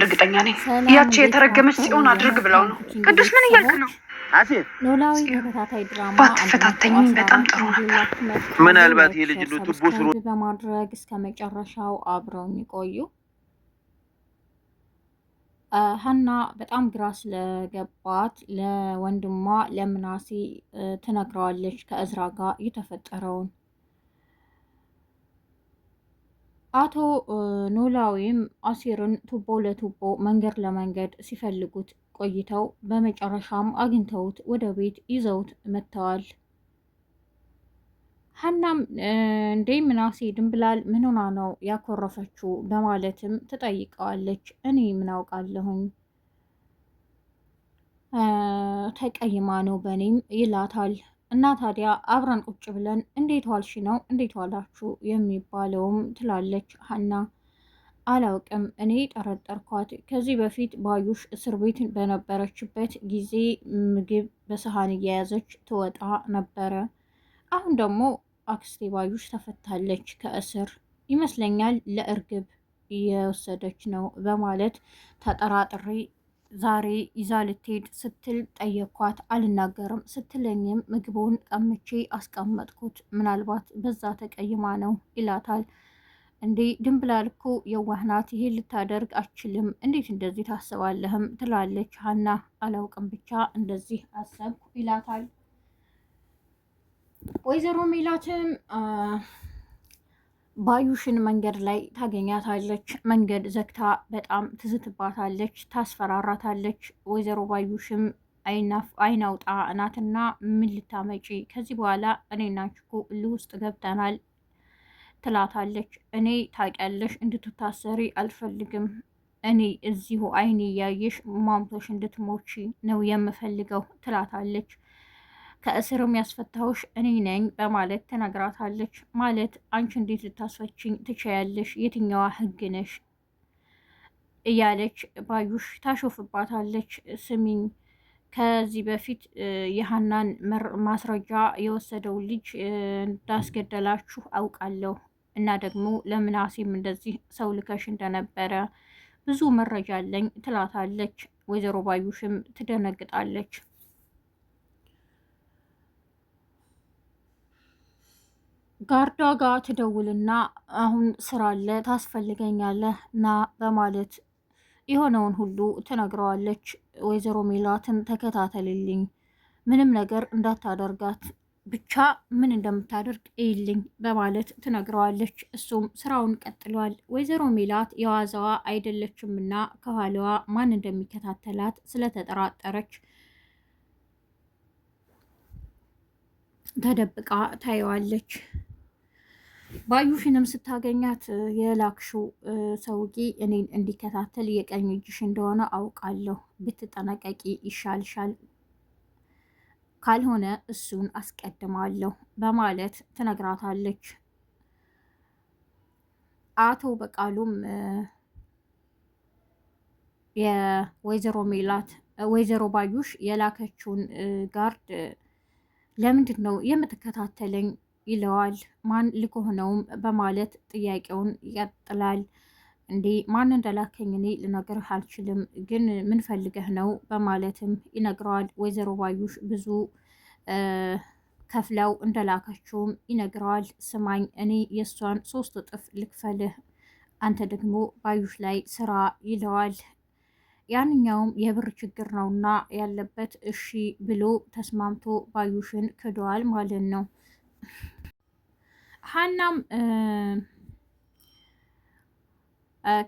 እርግጠኛ ነኝ ያቺ የተረገመች ጽዮን አድርግ ብለው ነው። ቅዱስ ምን እያልክ ነው? ባትፈታተኝም በጣም ጥሩ ነበር። ምናልባት የልጅ ቱቦ ስሩ በማድረግ እስከ መጨረሻው አብረውን ይቆዩ። ሀና በጣም ግራ ስለገባት ለወንድሟ ለምናሴ ትነግረዋለች ከእዝራ ጋር የተፈጠረውን አቶ ኖላዊም አሲርን ቱቦ ለቱቦ መንገድ ለመንገድ ሲፈልጉት ቆይተው በመጨረሻም አግኝተውት ወደ ቤት ይዘውት መጥተዋል። ሀናም እንዴ ምናሴ ድንብላል ምን ሆና ነው ያኮረፈችው? በማለትም ትጠይቀዋለች። እኔ ምን አውቃለሁኝ ተቀይማ ነው በእኔም ይላታል። እና ታዲያ አብረን ቁጭ ብለን እንዴት ዋልሽ ነው እንዴት ዋላችሁ የሚባለውም ትላለች ሀና። አላውቅም እኔ ጠረጠርኳት። ከዚህ በፊት ባዩሽ እስር ቤት በነበረችበት ጊዜ ምግብ በሰሃን እየያዘች ትወጣ ነበረ። አሁን ደግሞ አክስቴ ባዩሽ ተፈታለች ከእስር ይመስለኛል ለእርግብ እየወሰደች ነው በማለት ተጠራጥሬ ዛሬ ይዛ ልትሄድ ስትል ጠየኳት። አልናገርም ስትለኝም ምግቡን ቀምቼ አስቀመጥኩት፣ ምናልባት በዛ ተቀይማ ነው ይላታል። እንዴ ድንብላልኩ የዋህናት ይሄ ልታደርግ አችልም፣ እንዴት እንደዚህ ታስባለህም? ትላለች ሀና። አላውቅም ብቻ እንደዚህ አሰብኩ ይላታል። ወይዘሮ ሜላትም ባዩሽን መንገድ ላይ ታገኛታለች። መንገድ ዘግታ በጣም ትዝትባታለች፣ ታስፈራራታለች። ወይዘሮ ባዩሽም አይናውጣ እናትና ምን ልታመጪ ከዚህ በኋላ እኔና አንቺ እኮ ልውስጥ ገብተናል ትላታለች። እኔ ታውቂያለሽ እንድትታሰሪ አልፈልግም። እኔ እዚሁ አይኔ እያየሽ ማምቶሽ እንድትሞቺ ነው የምፈልገው ትላታለች። ከእስርም ያስፈታሁሽ እኔ ነኝ በማለት ተናግራታለች። ማለት አንቺ እንዴት ልታስፈችኝ ትችያለሽ? የትኛዋ ህግ ነሽ? እያለች ባዩሽ ታሾፍባታለች። ስሚኝ ከዚህ በፊት የሀናን ማስረጃ የወሰደው ልጅ እንዳስገደላችሁ አውቃለሁ እና ደግሞ ለምናሴም እንደዚህ ሰው ልከሽ እንደነበረ ብዙ መረጃ አለኝ ትላታለች። ወይዘሮ ባዩሽም ትደነግጣለች። ጋርዳ ጋር ትደውልና አሁን ስራ አለ ታስፈልገኛለህ ና በማለት የሆነውን ሁሉ ትነግረዋለች። ወይዘሮ ሜላትን ተከታተልልኝ፣ ምንም ነገር እንዳታደርጋት ብቻ ምን እንደምታደርግ እይልኝ በማለት ትነግረዋለች። እሱም ስራውን ቀጥሏል። ወይዘሮ ሜላት የዋዛዋ አይደለችምና ከኋላዋ ማን እንደሚከታተላት ስለተጠራጠረች ተደብቃ ታየዋለች። ባዩሽንም ስታገኛት የላክሹ ሰውቂ እኔን እንዲከታተል የቀኝ እጅሽ እንደሆነ አውቃለሁ፣ ብትጠነቀቂ ይሻልሻል፣ ካልሆነ እሱን አስቀድማለሁ በማለት ትነግራታለች። አቶ በቃሉም የወይዘሮ ሜላት ወይዘሮ ባዩሽ የላከችውን ጋርድ ለምንድን ነው የምትከታተለኝ? ይለዋል። ማን ልኮህ ነውም በማለት ጥያቄውን ይቀጥላል። እንዴ ማን እንደላከኝ እኔ ልነግርህ አልችልም፣ ግን ምን ፈልገህ ነው በማለትም ይነግረዋል። ወይዘሮ ባዩሽ ብዙ ከፍለው እንደላከችውም ይነግረዋል። ስማኝ እኔ የእሷን ሶስት እጥፍ ልክፈልህ፣ አንተ ደግሞ ባዩሽ ላይ ስራ ይለዋል። ያንኛውም የብር ችግር ነውና ያለበት እሺ ብሎ ተስማምቶ ባዩሽን ክደዋል ማለት ነው። ሀናም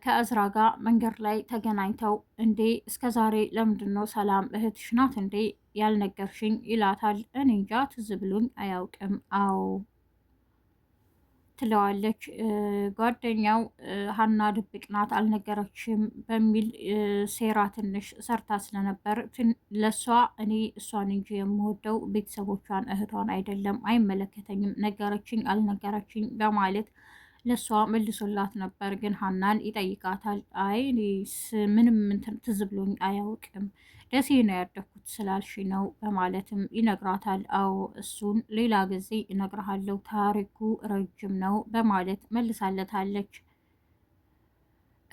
ከእዝራ ጋር መንገድ ላይ ተገናኝተው እንዴ እስከ ዛሬ ለምንድን ነው ሰላም እህትሽ ናት እንዴ ያልነገርሽኝ? ይላታል። እኔ እንጃ ትዝ ብሎኝ አያውቅም። አዎ ትለዋለች። ጓደኛው ሀና ድብቅ ናት አልነገረችም በሚል ሴራ ትንሽ ሰርታ ስለነበር ለእሷ እኔ እሷን እንጂ የምወደው ቤተሰቦቿን እህቷን አይደለም፣ አይመለከተኝም፣ ነገረችኝ አልነገረችኝ በማለት ለእሷ መልሶላት ነበር። ግን ሀናን ይጠይቃታል። አይ ምንም ትዝ ብሎኝ አያውቅም ደሴ ነው ያደኩት ስላልሽ ነው በማለትም ይነግራታል። አዎ እሱን ሌላ ጊዜ ይነግርሃለሁ፣ ታሪኩ ረጅም ነው በማለት መልሳለታለች።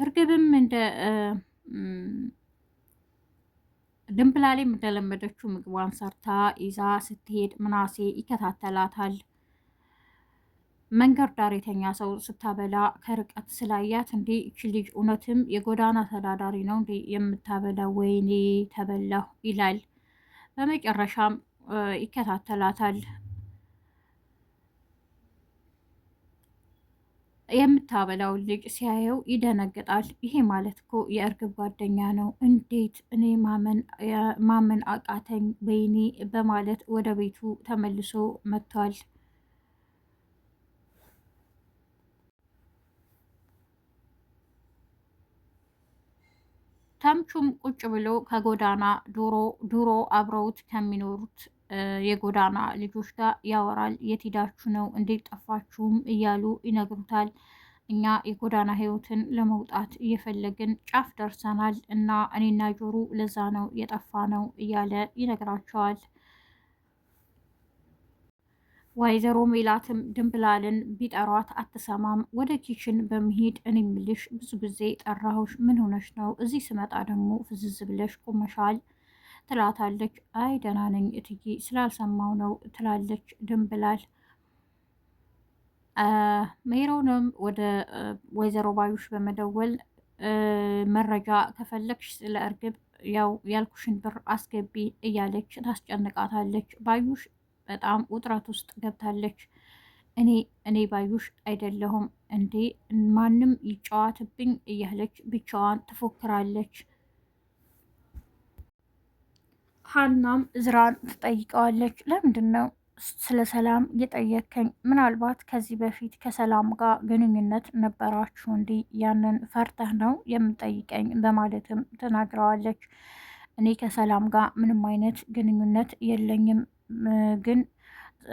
እርግብም እንደ ድንብላሌም እንደለመደችው ምግቧን ሰርታ ይዛ ስትሄድ ምናሴ ይከታተላታል። መንገድ ዳር የተኛ ሰው ስታበላ ከርቀት ስላያት እንዲ ልጅ እውነትም የጎዳና ተዳዳሪ ነው እንዲ የምታበላ ወይኔ ተበላሁ ይላል። በመጨረሻም ይከታተላታል። የምታበላው ልጅ ሲያየው ይደነግጣል። ይሄ ማለት እኮ የእርግብ ጓደኛ ነው። እንዴት እኔ ማመን አቃተኝ ወይኔ በማለት ወደ ቤቱ ተመልሶ መጥቷል። ተምቹም ቁጭ ብሎ ከጎዳና ዶሮ ዱሮ አብረውት ከሚኖሩት የጎዳና ልጆች ጋር ያወራል። የት ሄዳችሁ ነው እንዴት ጠፋችሁም እያሉ ይነግሩታል። እኛ የጎዳና ህይወትን ለመውጣት እየፈለግን ጫፍ ደርሰናል እና እኔና ጆሮ ለዛ ነው የጠፋ ነው እያለ ይነግራቸዋል። ወይዘሮ ሜላትም ድንብላልን ቢጠሯት አትሰማም። ወደ ኪችን በመሄድ እኔ ምልሽ ብዙ ጊዜ ጠራሁሽ፣ ምን ሆነሽ ነው? እዚህ ስመጣ ደግሞ ፍዝዝ ብለሽ ቁመሻል ትላታለች። አይ ደህና ነኝ እትዬ ስላልሰማው ነው ትላለች ድንብላል። ሜሮንም ወደ ወይዘሮ ባዩሽ በመደወል መረጃ ከፈለግሽ ስለ እርግብ ያው ያልኩሽን ብር አስገቢ እያለች ታስጨንቃታለች ባዩሽ በጣም ውጥረት ውስጥ ገብታለች። እኔ እኔ ባዩሽ አይደለሁም እንዴ ማንም ይጫወትብኝ እያለች ብቻዋን ትፎክራለች። ሀናም ዝራን ትጠይቀዋለች። ለምንድን ነው ስለ ሰላም የጠየከኝ? ምናልባት ከዚህ በፊት ከሰላም ጋር ግንኙነት ነበራችሁ እንዲህ ያንን ፈርተህ ነው የምጠይቀኝ? በማለትም ትናግረዋለች። እኔ ከሰላም ጋር ምንም አይነት ግንኙነት የለኝም ግን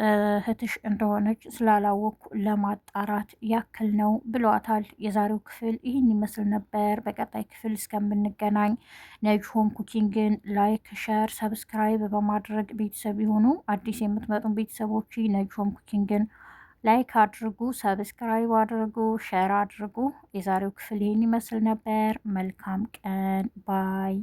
እህትሽ እንደሆነች ስላላወቅኩ ለማጣራት ያክል ነው ብሏታል። የዛሬው ክፍል ይህን ይመስል ነበር። በቀጣይ ክፍል እስከምንገናኝ ነጅ ሆም ኩኪንግን ላይክ፣ ሸር፣ ሰብስክራይብ በማድረግ ቤተሰብ የሆኑ አዲስ የምትመጡ ቤተሰቦች ሆም ኩኪንግን ላይክ አድርጉ፣ ሰብስክራይብ አድርጉ፣ ሸር አድርጉ። የዛሬው ክፍል ይህን ይመስል ነበር። መልካም ቀን ባይ